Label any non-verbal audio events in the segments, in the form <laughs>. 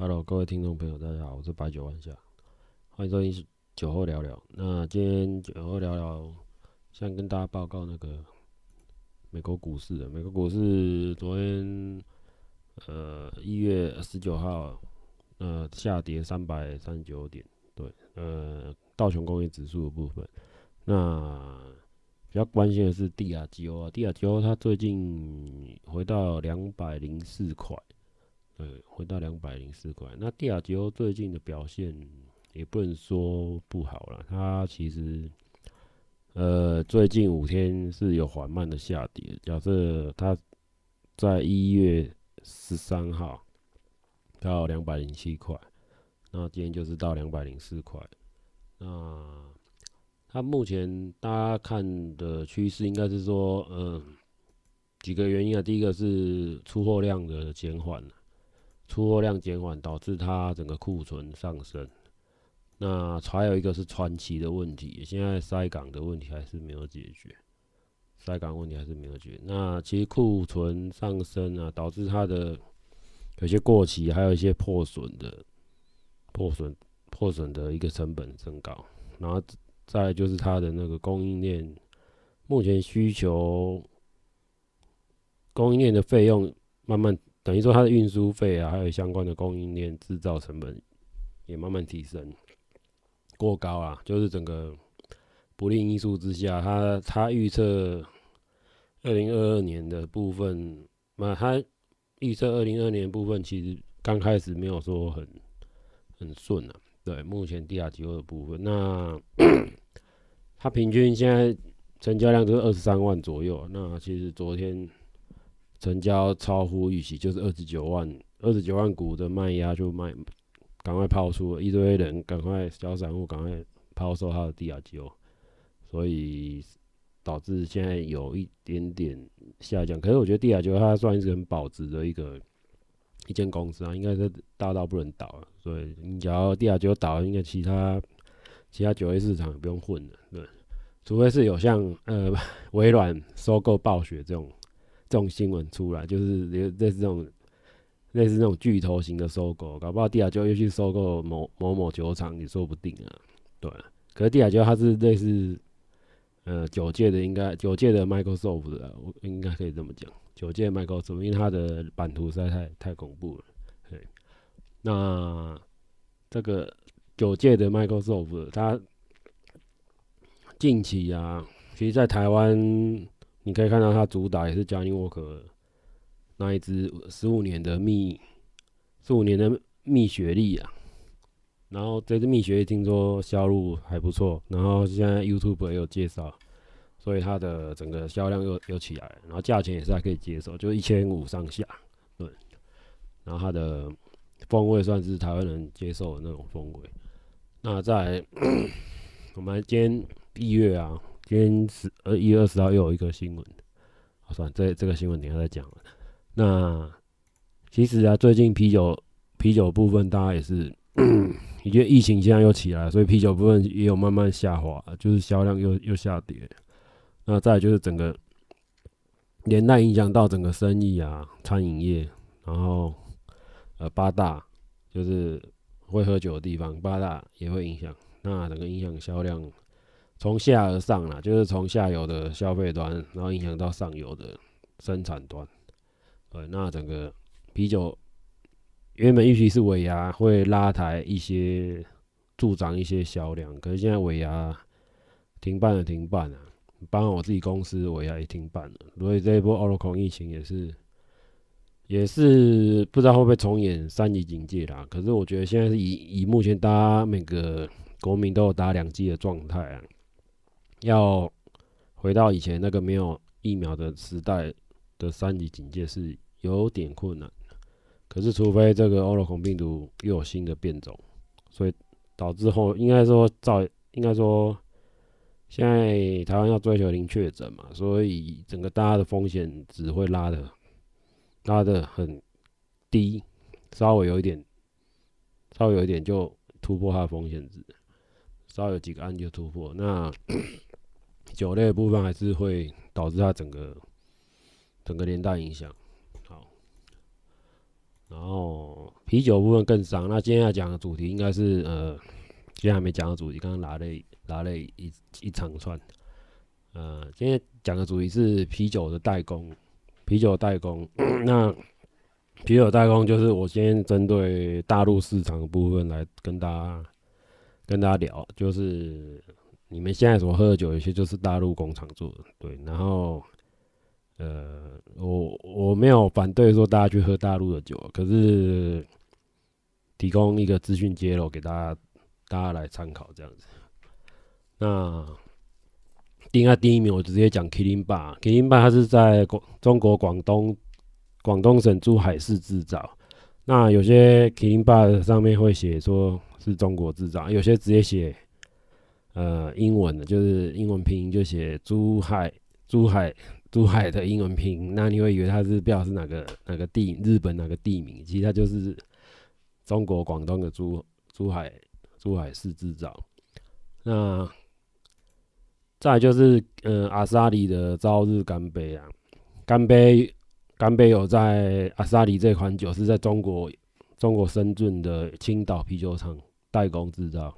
Hello，各位聽眾朋友，大家好，我是白酒萬夏，歡迎收聽酒後聊聊。那今天酒後聊聊，先跟大家報告那個美國股市，美國股市昨天呃一月十九號呃下跌三百三十九點，對，呃道瓊工業指數的部分，那比較關心的是 DRGO，DRGO 它最近回到兩百零四塊。對，回到兩百零四塊。那蒂亞吉歐最近的表現也不能說不好了。它其實，呃，最近五天是有緩慢的下跌。假設它在一月十三號到兩百零七塊，那今天就是到兩百零四塊。那它目前大家看的趨勢應該是說，呃，幾個原因啊。第一個是出貨量的減緩了。出貨量減緩，導致它整個庫存上升。那還有一個是船期的問題，現在塞港的問題還是沒有解決，塞港問題還是沒有解決。那其實庫存上升啊，導致它的有些過期，還有一些破損的破損破損的一個成本增高。然後再就是它的那個供應鏈，目前需求供應鏈的費用慢慢。等於說它的運輸費啊，還有相關的供應鏈製造成本也慢慢提升過高啊，就是整個不利因素之下，它它預測二零二二年的部分，那它預測二零二二年的部分其實剛開始沒有說很很順啊，對，目前第二季的部分，那 <coughs> 它平均現在成交量就是二十三萬左右，那其實昨天。成交超乎預期，就是二十九萬二十九萬股的賣壓就賣，趕快拋出了一堆人，趕快小散戶趕快拋售他的迪亞吉歐，所以導致現在有一點點下降。可是我覺得迪亞吉歐它算一個很保值的一個一間公司啊，應該是大到不能倒，啊。所以你只要迪亞吉歐倒，應該其他其他酒類市場也不用混了。對，除非是有像呃微軟收購暴雪這種。這種新聞出來，就是類似這種、類似這種巨頭型的收購，搞不好帝亞吉歐又去收購某某某酒廠也說不定啊。對，可是帝亞吉歐它是類似，呃，酒界的應，應該酒界的 Microsoft 啊，我應該可以這麼講，酒界 Microsoft，因為它的版圖實在太太恐怖了。對，那這個酒界的 Microsoft，它近期啊，其實在台灣。你可以看到它主打也是 Johnnie Walker 那一支十五年的蜜，十五年的蜜雪莉啊。然後這支蜜雪莉聽說銷路還不錯，然後現在 YouTube 也有介紹，所以它的整個銷量又又起來了，然後價錢也是還可以接受，就一千五上下，對。然後它的風味算是台灣人接受的那種風味。那再我們今天蜜月啊。今天十二一月二十號又有一個新聞，喔，好，算這這個新聞等下再講。那其實啊，最近啤酒啤酒部分大家也是，因為疫情現在又起來，所以啤酒部分也有慢慢下滑，就是銷量又又下跌。那再來就是整個連帶影響到整個生意啊，餐飲業，然後呃八大就是會喝酒的地方，八大也會影響，那整個影響銷量。從下而上啦，就是從下游的消費端，然後影響到上游的生產端。呃，那整個啤酒原本預期是尾牙會拉抬一些，助長一些銷量，可是現在尾牙停辦了，停辦了，啊。包括我自己公司尾牙也停辦了，所以這一波 Omicron 疫情也是，也是不知道會不會重演三級警戒啦。可是我覺得現在是以以目前大家每個國民都有打兩劑的狀態啊。要回到以前那個沒有疫苗的時代的三級警戒是有點困難，可是除非這個歐羅孔病毒又有新的變種，所以導致後，應該說照應該說，現在台灣要追求零確診嘛，所以整個大家的風險值會拉的拉的很低，稍微有一點稍微有一點就突破它的風險值，稍微有幾個案就突破那。 <coughs> 酒類的部分還是會導致它整個整個連帶影響。好，然後啤酒部分更傷。那今天要講的主題應該是呃，今天還沒講的主題，剛剛拿了一拿了一一長串。嗯、呃，今天講的主題是啤酒的代工，啤酒的代工。嗯、那啤酒的代工就是我先針對大陸市場的部分來跟大家跟大家聊，就是。你們現在所喝的酒，有些就是大陸工廠做的，對。然後，呃，我我沒有反對說大家去喝大陸的酒，可是提供一個資訊揭露給大家，大家來參考這樣子。那，第二、啊、第一名，我直接講 Kirin Bar，Kirin Bar 它是在廣中國廣東廣東省珠海市製造。那有些 Kirin Bar 上面會寫說是中國製造，有些直接寫。呃，英文的，就是英文拼音就寫珠海，珠海，珠海的英文拼音。那你會以為它是標是哪個哪個地，日本哪個地名？其實它就是中國廣東的珠珠海，珠海市製造。那再就是，嗯、呃，阿薩里的朝日乾杯啊，乾杯，乾杯，有在阿薩里這款酒是在中國，中國深圳的青島啤酒廠代工製造。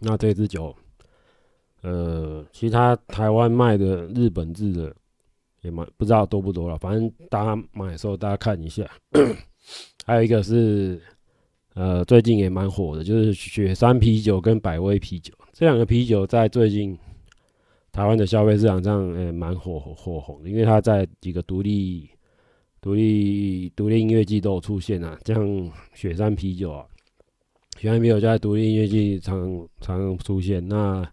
那這支酒。呃，其他台灣賣的日本制的也蠻不知道多不多了，反正大家買的時候大家看一下。 <coughs> 還有一個是，呃，最近也蠻火的，就是雪山啤酒跟百威啤酒這兩個啤酒，在最近台灣的消費市場上，呃、欸，蠻火火紅的，因為它在幾個獨立、獨立、獨立音樂季都有出現啊，像雪山啤酒，啊，雪山啤酒在獨立音樂季常常出現，那。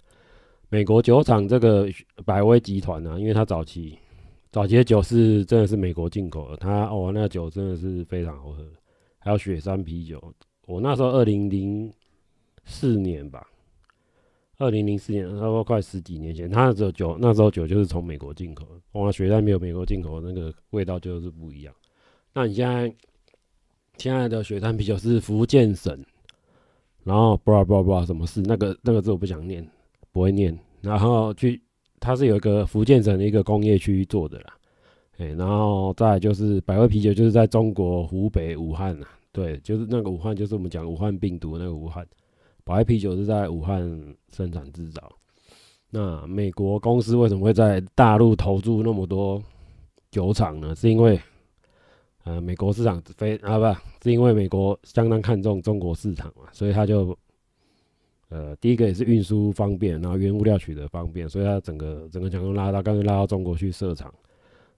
美國酒廠這個百威集團呢、啊，因為它早期早期的酒是真的是美國進口的，它哦那酒真的是非常好喝。還有雪山啤酒，我那時候二零零四年吧，二零零四年差不多快十幾年前，那時候酒那時候酒就是從美國進口的。哇，雪山沒有美國進口的那個味道就是不一樣。那你現在現在的雪山啤酒是福建省，然後布拉布拉布拉什麼事，那個那個字我不想念。不會念，然後去，它是有一個福建省的一個工業區做的啦，欸、然後再就是百威啤酒就是在中國湖北武漢啦，對，就是那個武漢，就是我們講武漢病毒的那個武漢，百威啤酒是在武漢生產製造。那美國公司為什麼會在大陸投注那麼多酒廠呢？是因為，呃，美國市場非啊不是，是因為美國相當看重中國市場嘛，所以他就。呃，第一個也是運輸方便，然後原物料取得方便，所以它整個整個強度拉到，乾脆拉到中國去設廠。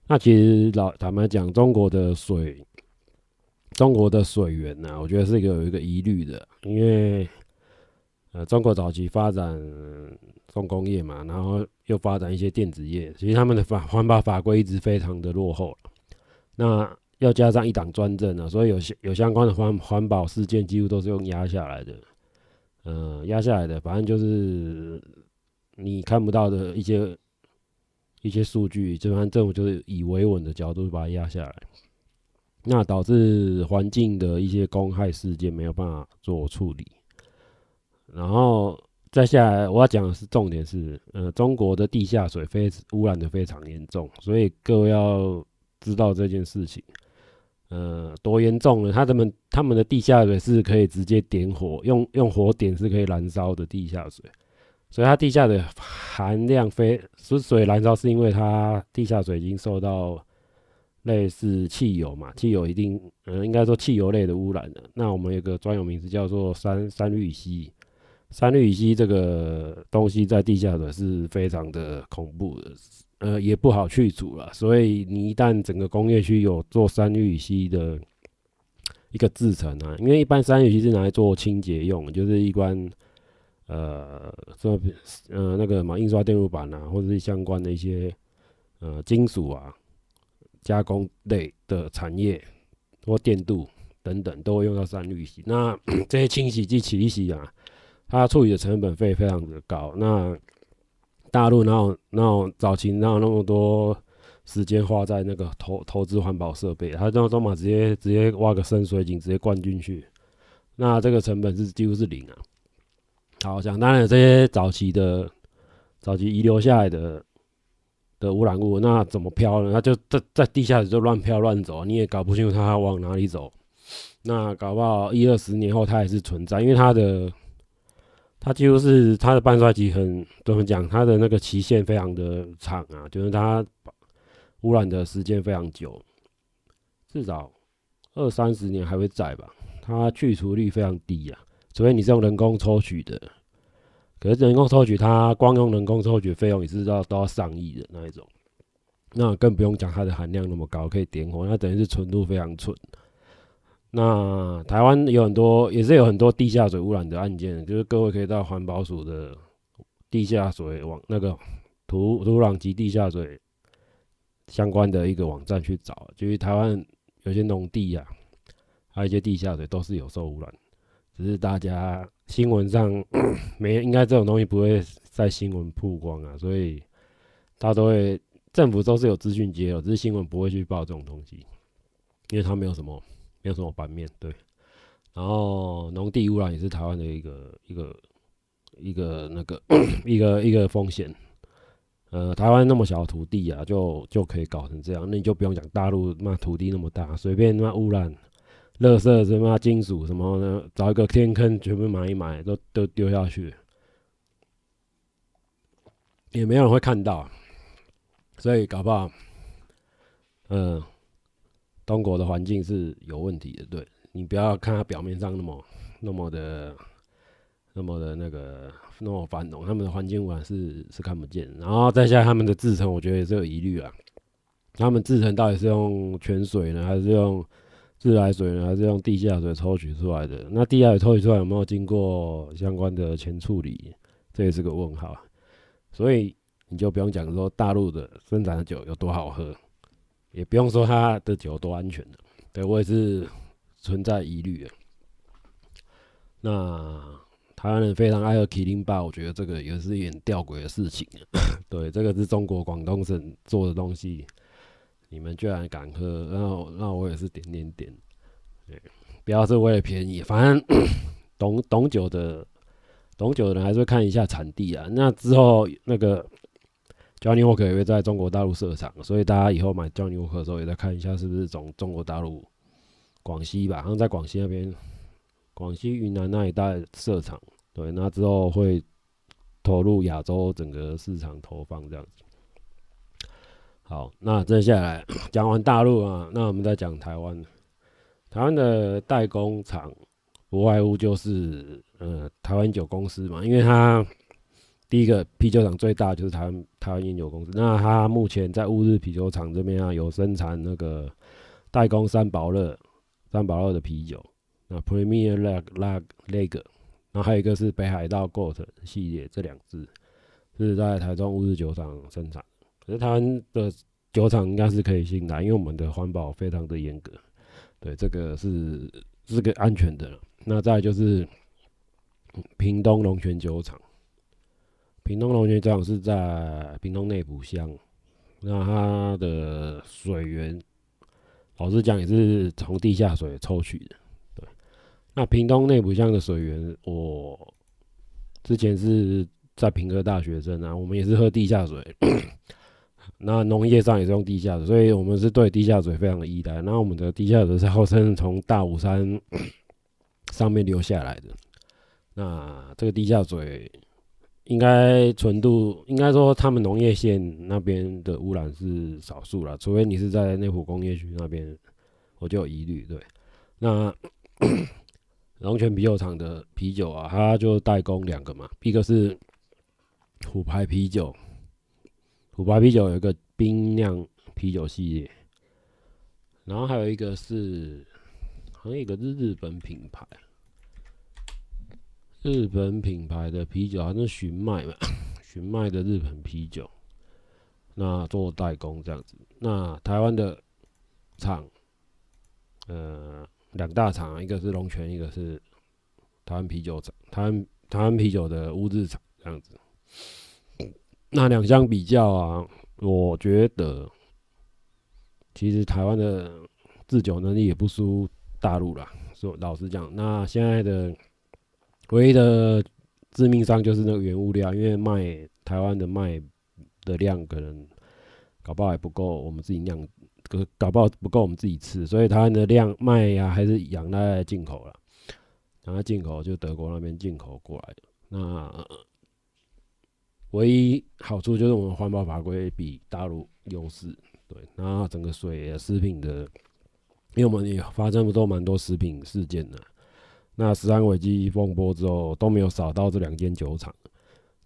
那其實老坦白講，中國的水，中國的水源呢、啊，我覺得是一個有一個疑慮的，因為呃，中國早期發展重、嗯、工業嘛，然後又發展一些電子業，其實他們的法環保法規一直非常的落後。那要加上一黨專政啊，所以有些有相關的環環保事件，幾乎都是用壓下來的。呃，壓下來的，反正就是你看不到的一些一些數據，基本上政府就是以維穩的角度把它壓下來，那導致環境的一些公害事件沒有辦法做處理，然後再下來我要講的是重點是，呃，中國的地下水非污染的非常嚴重，所以各位要知道這件事情。呃，多嚴重呢？他怎麼他們的地下水是可以直接點火，用用火點是可以燃燒的地下水，所以它地下水含量非，之所以燃燒，是因為它地下水已經受到類似汽油嘛，汽油一定，呃，應該說汽油類的污染了。那我們有一個專有名詞叫做三三氯乙烯，三氯乙烯這個東西在地下水是非常的恐怖的。呃，也不好去除了，所以你一旦整個工業區有做三氯乙烯的一個製程啊，因為一般三氯乙烯是拿來做清潔用，就是一般呃做呃那個什麼印刷電路板啊，或者是相關的一些呃金屬啊加工類的產業或電鍍等等，都會用到三氯乙烯。那 <coughs> 這些清洗劑、起立劑啊，它處理的成本費非常的高。那大陸那那種早期，哪有那麼多時間花在那個投投資環保設備，他那時候嘛直接直接挖個深水井，直接灌進去，那這個成本是幾乎是零啊。好，講，當然這些早期的早期遺留下來的的污染物，那怎麼飄呢？那就在在地下就亂飄亂走，你也搞不清楚它往哪裡走。那搞不好一二十年後它還是存在，因為它的。它幾乎是它的半衰期很都很講，它的那個期限非常的長啊，就是它污染的時間非常久，至少二三十年還會在吧。它去除率非常低呀、啊，除非你是用人工抽取的，可是人工抽取它光用人工抽取的費用也是都要都要上億的那一種，那更不用講它的含量那麼高，可以點火，那等於是純度非常純。那台灣有很多，也是有很多地下水污染的案件，就是各位可以到環保署的地下水網那個土土壤及地下水相關的一個網站去找。就是台灣有些農地啊，還有一些地下水都是有受污染，只是大家新聞上 <coughs> 沒應該這種東西不會在新聞曝光啊，所以他都會政府都是有資訊揭露，只是新聞不會去報這種東西，因為他沒有什麼。沒有什麼版面，對。然後，農地污染也是台灣的一個一個一個那個 <coughs> 一個一個風險。呃，台灣那麼小的土地啊，就就可以搞成這樣。那你就不用講大陸，那土地那麼大，隨便那污染、垃圾什麼、金屬什麼的，找一個天坑全部埋一埋，都都丟下去，也沒有人會看到。所以，搞不好，嗯、呃。中國的環境是有問題的，對，你不要看它表面上那麼、那麼的、那麼的那個那麼繁榮，他們的環境我還是是看不見。然後再下來他們的製程，我覺得也是有疑慮啊。他們製程到底是用泉水呢，還是用自來水呢，還是用地下水抽取出來的？那地下水抽取出來有沒有經過相關的前處理？這也是個問號。所以你就不用講說大陸的生產的酒有多好喝。也不用說他的酒多安全了，啊，對我也是存在疑慮的。那台灣人非常愛喝麒麟吧，我覺得這個也是一點吊詭的事情啊。對，這個是中國廣東省做的東西，你們居然敢喝，那我那我也是點點點。對，不要是為了便宜，反正懂懂 <coughs> 酒的懂酒的人還是會看一下產地啊。那之後那個。Johnnie Walker 也會在中國大陸設廠，所以大家以後買 Johnnie Walker 的時候，也再看一下是不是從中國大陸廣西吧，好像在廣西那邊、廣西雲南那一帶設廠。對，那之後會投入亞洲整個市場投放這樣子。好，那接下來講完大陸啊，那我們再講台灣。台灣的代工廠不外乎就是，呃，台灣酒公司嘛，因為它。第一個啤酒廠最大就是台灣台灣菸酒公司，那它目前在烏日啤酒廠這邊啊，有生產那個代工三寶樂、三寶樂的啤酒，那 Premier Lager，Lager, 然後還有一個是北海道 Goat 系列這，這兩支是在台中烏日酒廠生產，可是台灣的酒廠應該是可以信賴，因為我們的環保非常的嚴格，對這個是是個安全的。那再就是，屏東龍泉酒廠。屏東龍泉廠，是在屏東內埔鄉，那它的水源，老實講也是從地下水抽取的。對，那屏東內埔鄉的水源，我之前是在屏科大學生啊，我們也是喝地下水， <coughs> 那農業上也是用地下水，所以我們是對地下水非常的依賴。那我們的地下水是號稱從大武山 <coughs> 上面流下來的，那這個地下水。應該純度應該說，他們農業縣那邊的污染是少數啦，除非你是在內湖工業區那邊，我就有疑慮。對，那龍泉啤酒廠的啤酒啊，它就代工兩個嘛，一個是虎牌啤酒，虎牌啤酒有一個冰釀啤酒系列，然後還有一個是好像一個是日本品牌。日本品牌的啤酒，啊，反是尋賣嘛，尋賣 <coughs> 的日本啤酒，那做代工這樣子。那台灣的廠，呃，兩大廠，一個是龍泉，一個是台灣啤酒廠，台灣台灣啤酒的烏日廠這樣子。那兩相比較啊，我覺得其實台灣的製酒能力也不輸大陸啦。說老實講，那現在的。唯一的致命傷就是那個原物料，因為賣台灣的賣的量可能搞不好還不夠，我們自己釀，可搞不好不夠我們自己吃，所以台灣的量賣呀、啊、還是仰賴進口了。然後進口就德國那邊進口過來。那唯一好處就是我們環保法規比大陸優勢，對，那整個水的食品的，因為我們也發生不都蠻多食品事件的。那食安危機風波之後，都沒有掃到這兩間酒廠，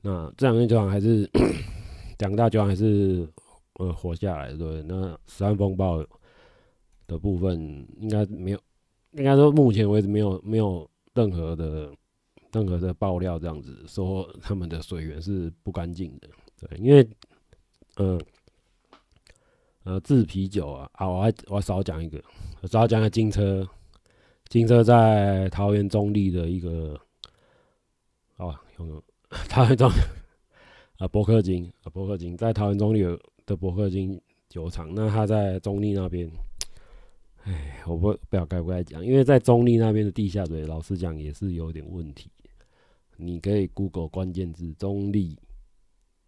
那這兩間酒廠還是兩 <coughs> 大酒廠還是呃活下來，對。那食安風暴的、的部分應該沒有，應該說目前為止沒有沒有任何的任何的爆料這樣子說他們的水源是不乾淨的，對。因為，呃呃，製啤酒啊啊，我還我還少講一個，我少講一,一個金車。金車在桃園中壢的一個、oh,，哦，桃園中， <laughs> 啊，伯克金，啊，伯克金在桃園中壢有的伯克金酒廠，那他在中壢那邊，哎，我不不曉該不該講，因為在中壢那邊的地下水，老實講也是有點問題。你可以 Google 關鍵字“中壢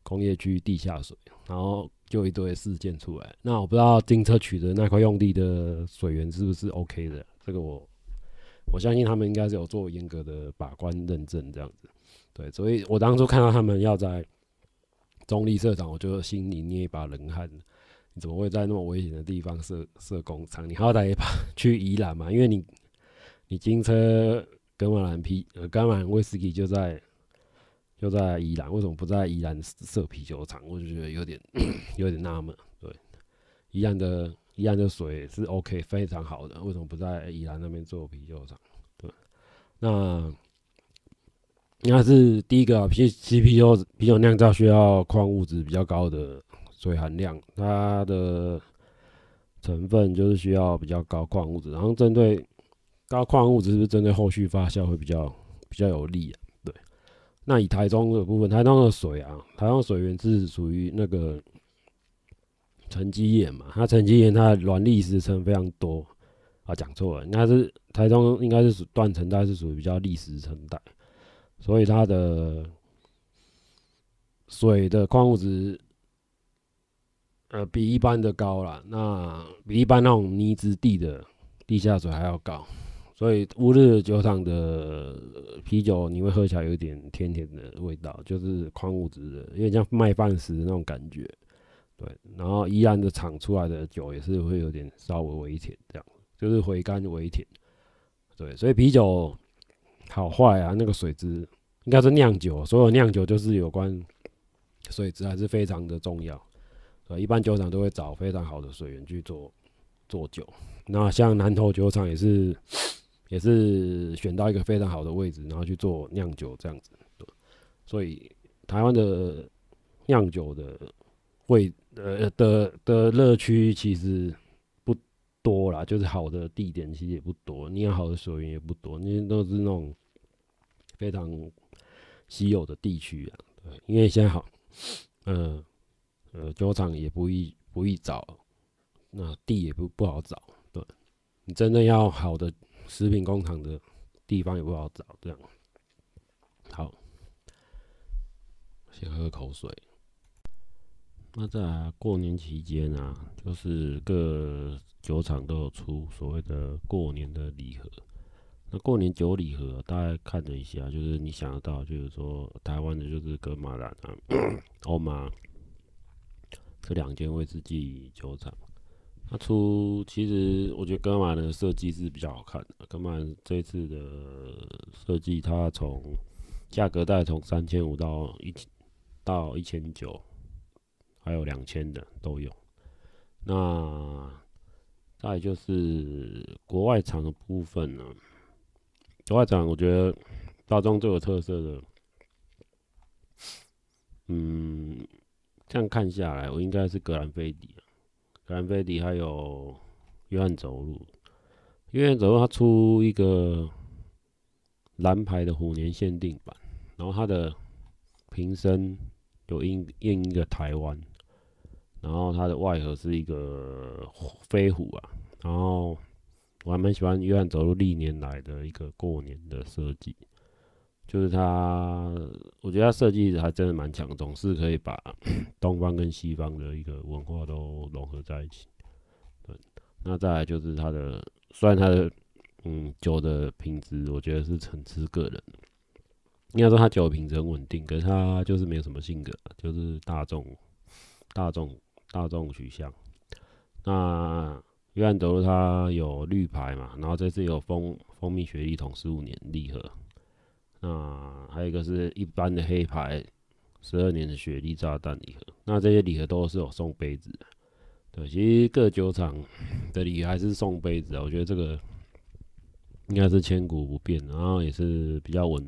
工業區地下水”，然後就一堆事件出來。那我不知道金車取得那塊用地的水源是不是 OK 的，這個我。我相信他們應該是有做嚴格的把關認證這樣子，對，所以我當初看到他們要在中壢設廠，我就心裡捏一把冷汗。你怎麼會在那麼危險的地方設設工廠？你好歹也把去宜蘭嘛？因為你你金車跟馬藍啤、噶瑪蘭威士忌就在就在宜蘭，為什麼不在宜蘭設啤酒廠？我就覺得有點 <coughs> 有點納悶。對，宜蘭的。宜蘭的水是 OK，非常好的。為什麼不在宜蘭那邊做啤酒廠？對，那應該是第一個。P c P U 啤酒釀造需要礦物質比較高的水含量，它的成分就是需要比較高礦物質。然後針對高礦物質，是不是針對後續發酵會比較比較有利啊？對。那以台中這個部分，台中的水啊，台中水源是屬於那個。沉積岩嘛，它沉積岩它的軟礫石層非常多啊，講錯了，那是台中應該是斷層帶，是屬於比較礫石層帶，所以它的水的礦物質，呃，比一般的高啦，那比一般那種泥質地的地下水還要高，所以烏日酒廠的啤酒你會喝起來有點甜甜的味道，就是礦物質的，有點像麥飯石那種感覺。對，然後宜蘭的廠出來的酒也是會有點稍微微甜這樣，就是回甘微甜。對，所以啤酒好壞啊，那個水質應該是釀酒，所有釀酒就是有關水質還是非常的重要。所以一般酒廠都會找非常好的水源去做做酒。那像南投酒廠也是，也是選到一個非常好的位置，然後去做釀酒這樣子。對，所以台灣的釀酒的，會呃的的樂趣其實不多啦，就是好的地點其實也不多，你要好的水源也不多，你都是那種非常稀有的地區啊。對，因為現在好，嗯呃，呃，酒廠也不易不易找，那地也不不好找，對。你真的要好的食品工廠的地方也不好找，這樣。好，先喝口水。那在過年期間啊，就是各酒廠都有出所謂的過年的禮盒。那過年酒禮盒，大概看了一下，就是你想得到，就是說台灣的就是噶瑪蘭啊、歐瑪 <coughs> 這兩間威士忌酒廠，那出其實我覺得噶瑪蘭的設計是比較好看的。噶瑪蘭這次的設計，它從價格大概從三千五到一千到一千九。還有兩千的都有，那再就是國外廠的部分呢、啊？國外廠我覺得包裝最有特色的，嗯，這樣看下來，我應該是格蘭菲迪，格蘭菲迪還有約翰走路，約翰走路他出一個藍牌的虎年限定版，然後它的瓶身。有印印一個台灣，然後它的外盒是一個飛虎啊，然後我還蠻喜歡約翰走路歷年來的一個過年的設計，就是它，我覺得它設計還真的蠻強，總是可以把東方跟西方的一個文化都融合在一起。對，那再來就是它的，雖然它的嗯酒的品質，我覺得是層次個人。應該說它酒品質很穩定，可是它就是沒有什麼性格，就是大眾、大眾、大眾取向。那約翰走路他有綠牌嘛，然後這次有蜂蜂蜜雪莉桶十五年禮盒，那還有一個是一般的黑牌十二年的雪莉炸彈禮盒。那這些禮盒都是有送杯子的，對，其實各酒廠的禮還是送杯子啊，我覺得這個應該是千古不變，然後也是比較穩。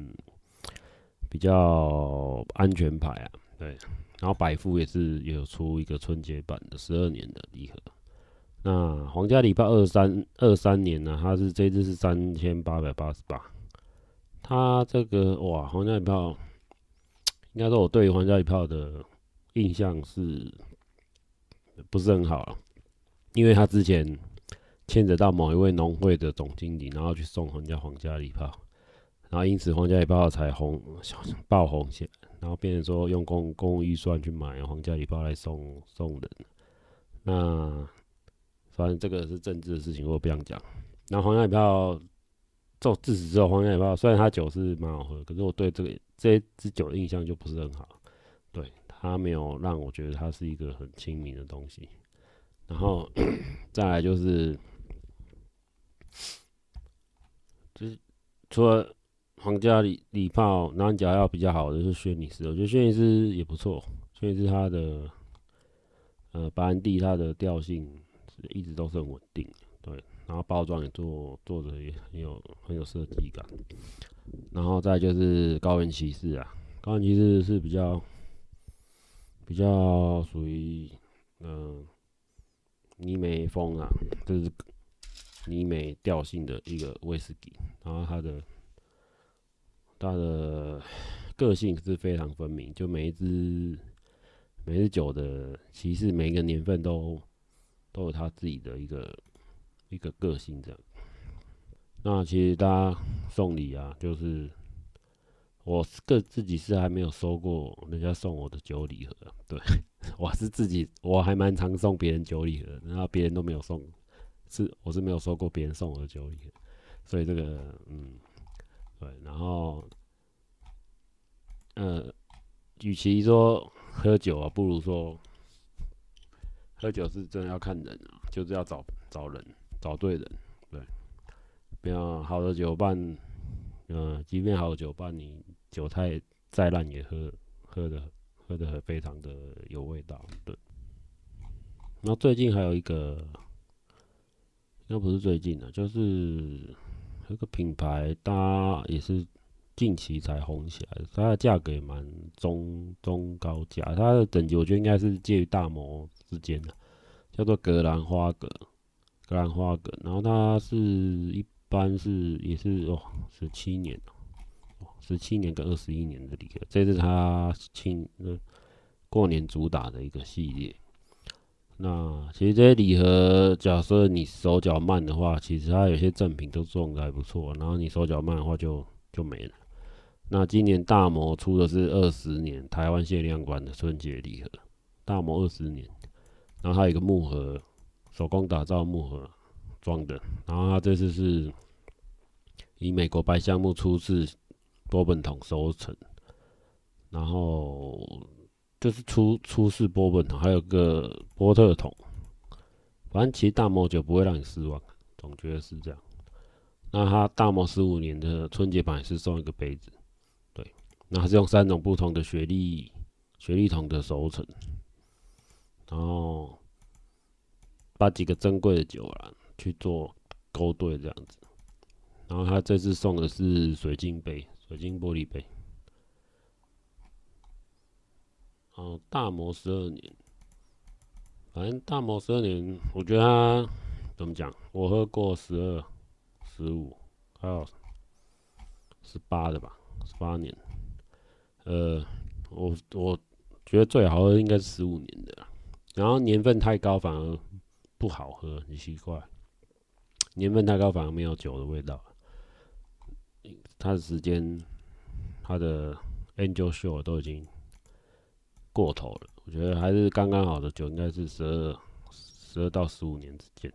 比較安全牌啊，對，然後百富也是也有出一個春節版的十二年的禮盒，那皇家禮炮二三二三年呢，它是這支是三千八百八十八，它這個哇皇家禮炮，應該說我對於皇家禮炮的印象是，不是很好了、啊，因為他之前牽扯到某一位農會的總經理，然後去送皇家皇家禮炮。然後因此，皇家禮炮才紅，爆紅起，然後變成說用公公共預算去買皇家禮炮來送送人。那反正這個是政治的事情，我不想講。那皇家禮炮做自此之後，皇家禮炮雖然它酒是蠻好喝，可是我對這個這一支酒的印象就不是很好。對，它沒有讓我覺得它是一個很親民的東西。然後再來就是，就是除了。皇家禮禮炮，然後要比較好的是軒尼詩，我覺得軒尼詩也不錯。軒尼詩它的呃白蘭地它的調性是一直都是很穩定，對，然後包裝也做做的也很有很有設計感。然後再就是高原騎士啊，高原騎士是比較比較屬於嗯泥煤風啊，這是泥煤調性的一個威士忌，然後它的。它的個性是非常分明，就每一支每一支酒的。其實每一個年份都都有它自己的一個一個個性這樣。那其實大家送禮啊，就是我個自己是還沒有收過人家送我的酒禮盒，對，我還是自己，我還蠻常送別人酒禮盒，然後別人都沒有送，是我是沒有收過別人送我的酒禮盒，所以這個嗯。對，然後，呃，與其說喝酒啊，不如說，喝酒是真的要看人啊，就是要找找人，找對人，對。沒有好的酒伴，嗯、呃，即便好的酒伴，你酒菜再爛也喝，喝的喝的非常的有味道，對。那最近還有一個，那不是最近的，就是。這個品牌它也是近期才紅起來的，它的價格也蠻中中高價，它的等級我覺得應該是介於大摩之間的，啊，叫做格蘭花格，格蘭花格，然後它是一般是也是哦，17年哦，17年跟二十一年的禮盒，這是它親過年主打的一個系列。那其實這些禮盒，假設你手腳慢的話，其實它有些贈品都送的還不錯。然後你手腳慢的話就，就就沒了。那今年大摩出的是二十年台灣限量版的春節禮盒，大摩二十年。然後還有一個木盒，手工打造木盒裝的。然後它這次是以美國白橡木出自波本桶熟成，然後。就是初初試波本，還有個波特桶，反正其實大摩酒不會讓你失望，總覺得是這樣。那他大摩十五年的春節版是送一個杯子，對，那還是用三種不同的雪莉雪莉桶的熟成，然後把幾個珍貴的酒了去做勾兌這樣子，然後他這次送的是水晶杯，水晶玻璃杯。哦、oh，大摩十二年，反正大摩十二年，我覺得它怎麼講？我喝過十二、十五，還有十八的吧，十八年。呃，我我覺得最好喝應該是十五年的啦。然後年份太高反而不好喝，很奇怪。年份太高反而沒有酒的味道。它的時間，它的 Angel Show 都已經過頭了，我覺得還是剛剛好的酒應該是十二、十二到十五年之間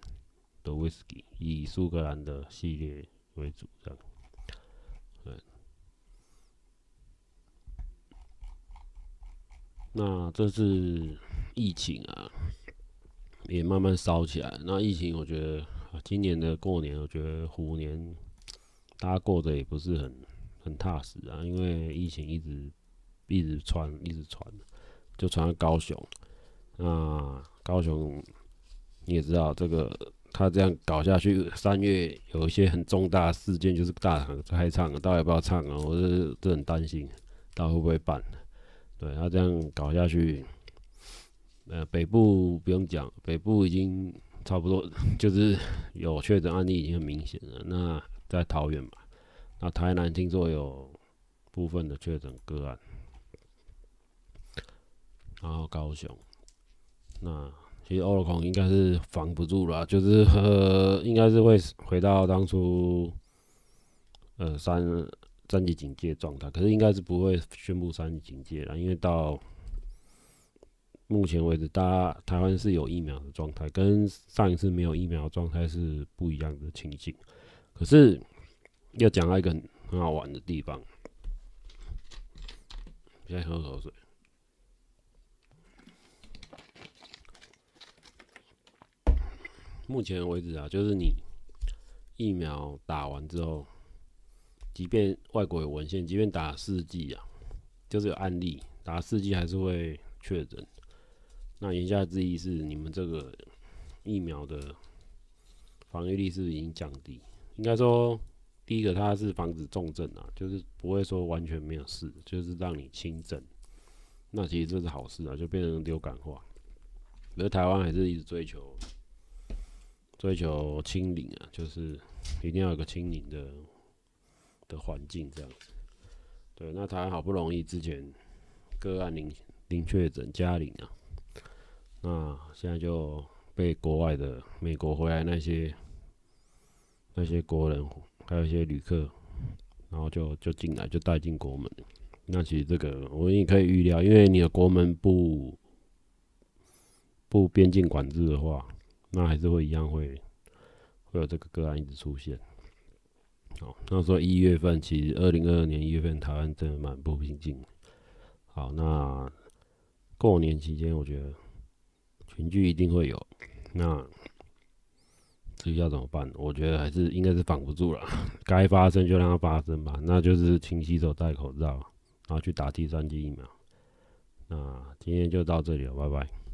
的 whisky，以蘇格蘭的系列為主這樣。對。那這次疫情啊，也慢慢燒起來。那疫情，我覺得今年的過年，我覺得虎年大家過得也不是很很踏實啊，因為疫情一直一直傳，一直傳。就傳到高雄，啊，高雄你也知道，這個他這樣搞下去，三月有一些很重大事件，就是大港開唱，大家要不要唱了，我是這很擔心，他會不會辦？對他這樣搞下去，呃、啊，北部不用講，北部已經差不多，就是有確診案例已經很明顯了。那在桃園嘛，那台南聽說有部分的確診個案。然後高雄，那其實 Omicron 應該是防不住了，就是和、呃、應該是會回到當初呃三三級警戒狀態，可是應該是不會宣布三級警戒了，因為到目前為止，大家台灣是有疫苗的狀態，跟上一次沒有疫苗的狀態是不一樣的情景。可是要講到一個很很好玩的地方，先喝口水。目前為止啊，就是你疫苗打完之後，即便外國有文獻，即便打四劑啊，就是有案例打四劑還是會確診。那言下之意是，你們這個疫苗的防禦力是不是已經降低？應該說，第一個它是防止重症啊，就是不會說完全沒有事，就是讓你輕症。那其實這是好事啊，就變成流感化。而台灣還是一直追求。追求清零啊，就是一定要有個清零的的環境，這樣子。對，那他好不容易之前個案加零零確診，加零啊，那現在就被國外的美國回來那些那些國人，還有一些旅客，然後就就進來，就帶進國門。那其實這個我也可以預料，因為你的國門不不邊境管制的話。那還是會一樣會會有這個個案一直出現。好，那說一月份，其實二零二二年一月份台灣真的蠻不平靜。好，那過年期間，我覺得群聚一定會有。那這個要怎麼辦？我覺得還是應該是防不住了，該發生就讓它發生吧。那就是勤洗手、戴口罩，然後去打第三劑疫苗。那今天就到這裡了，拜拜。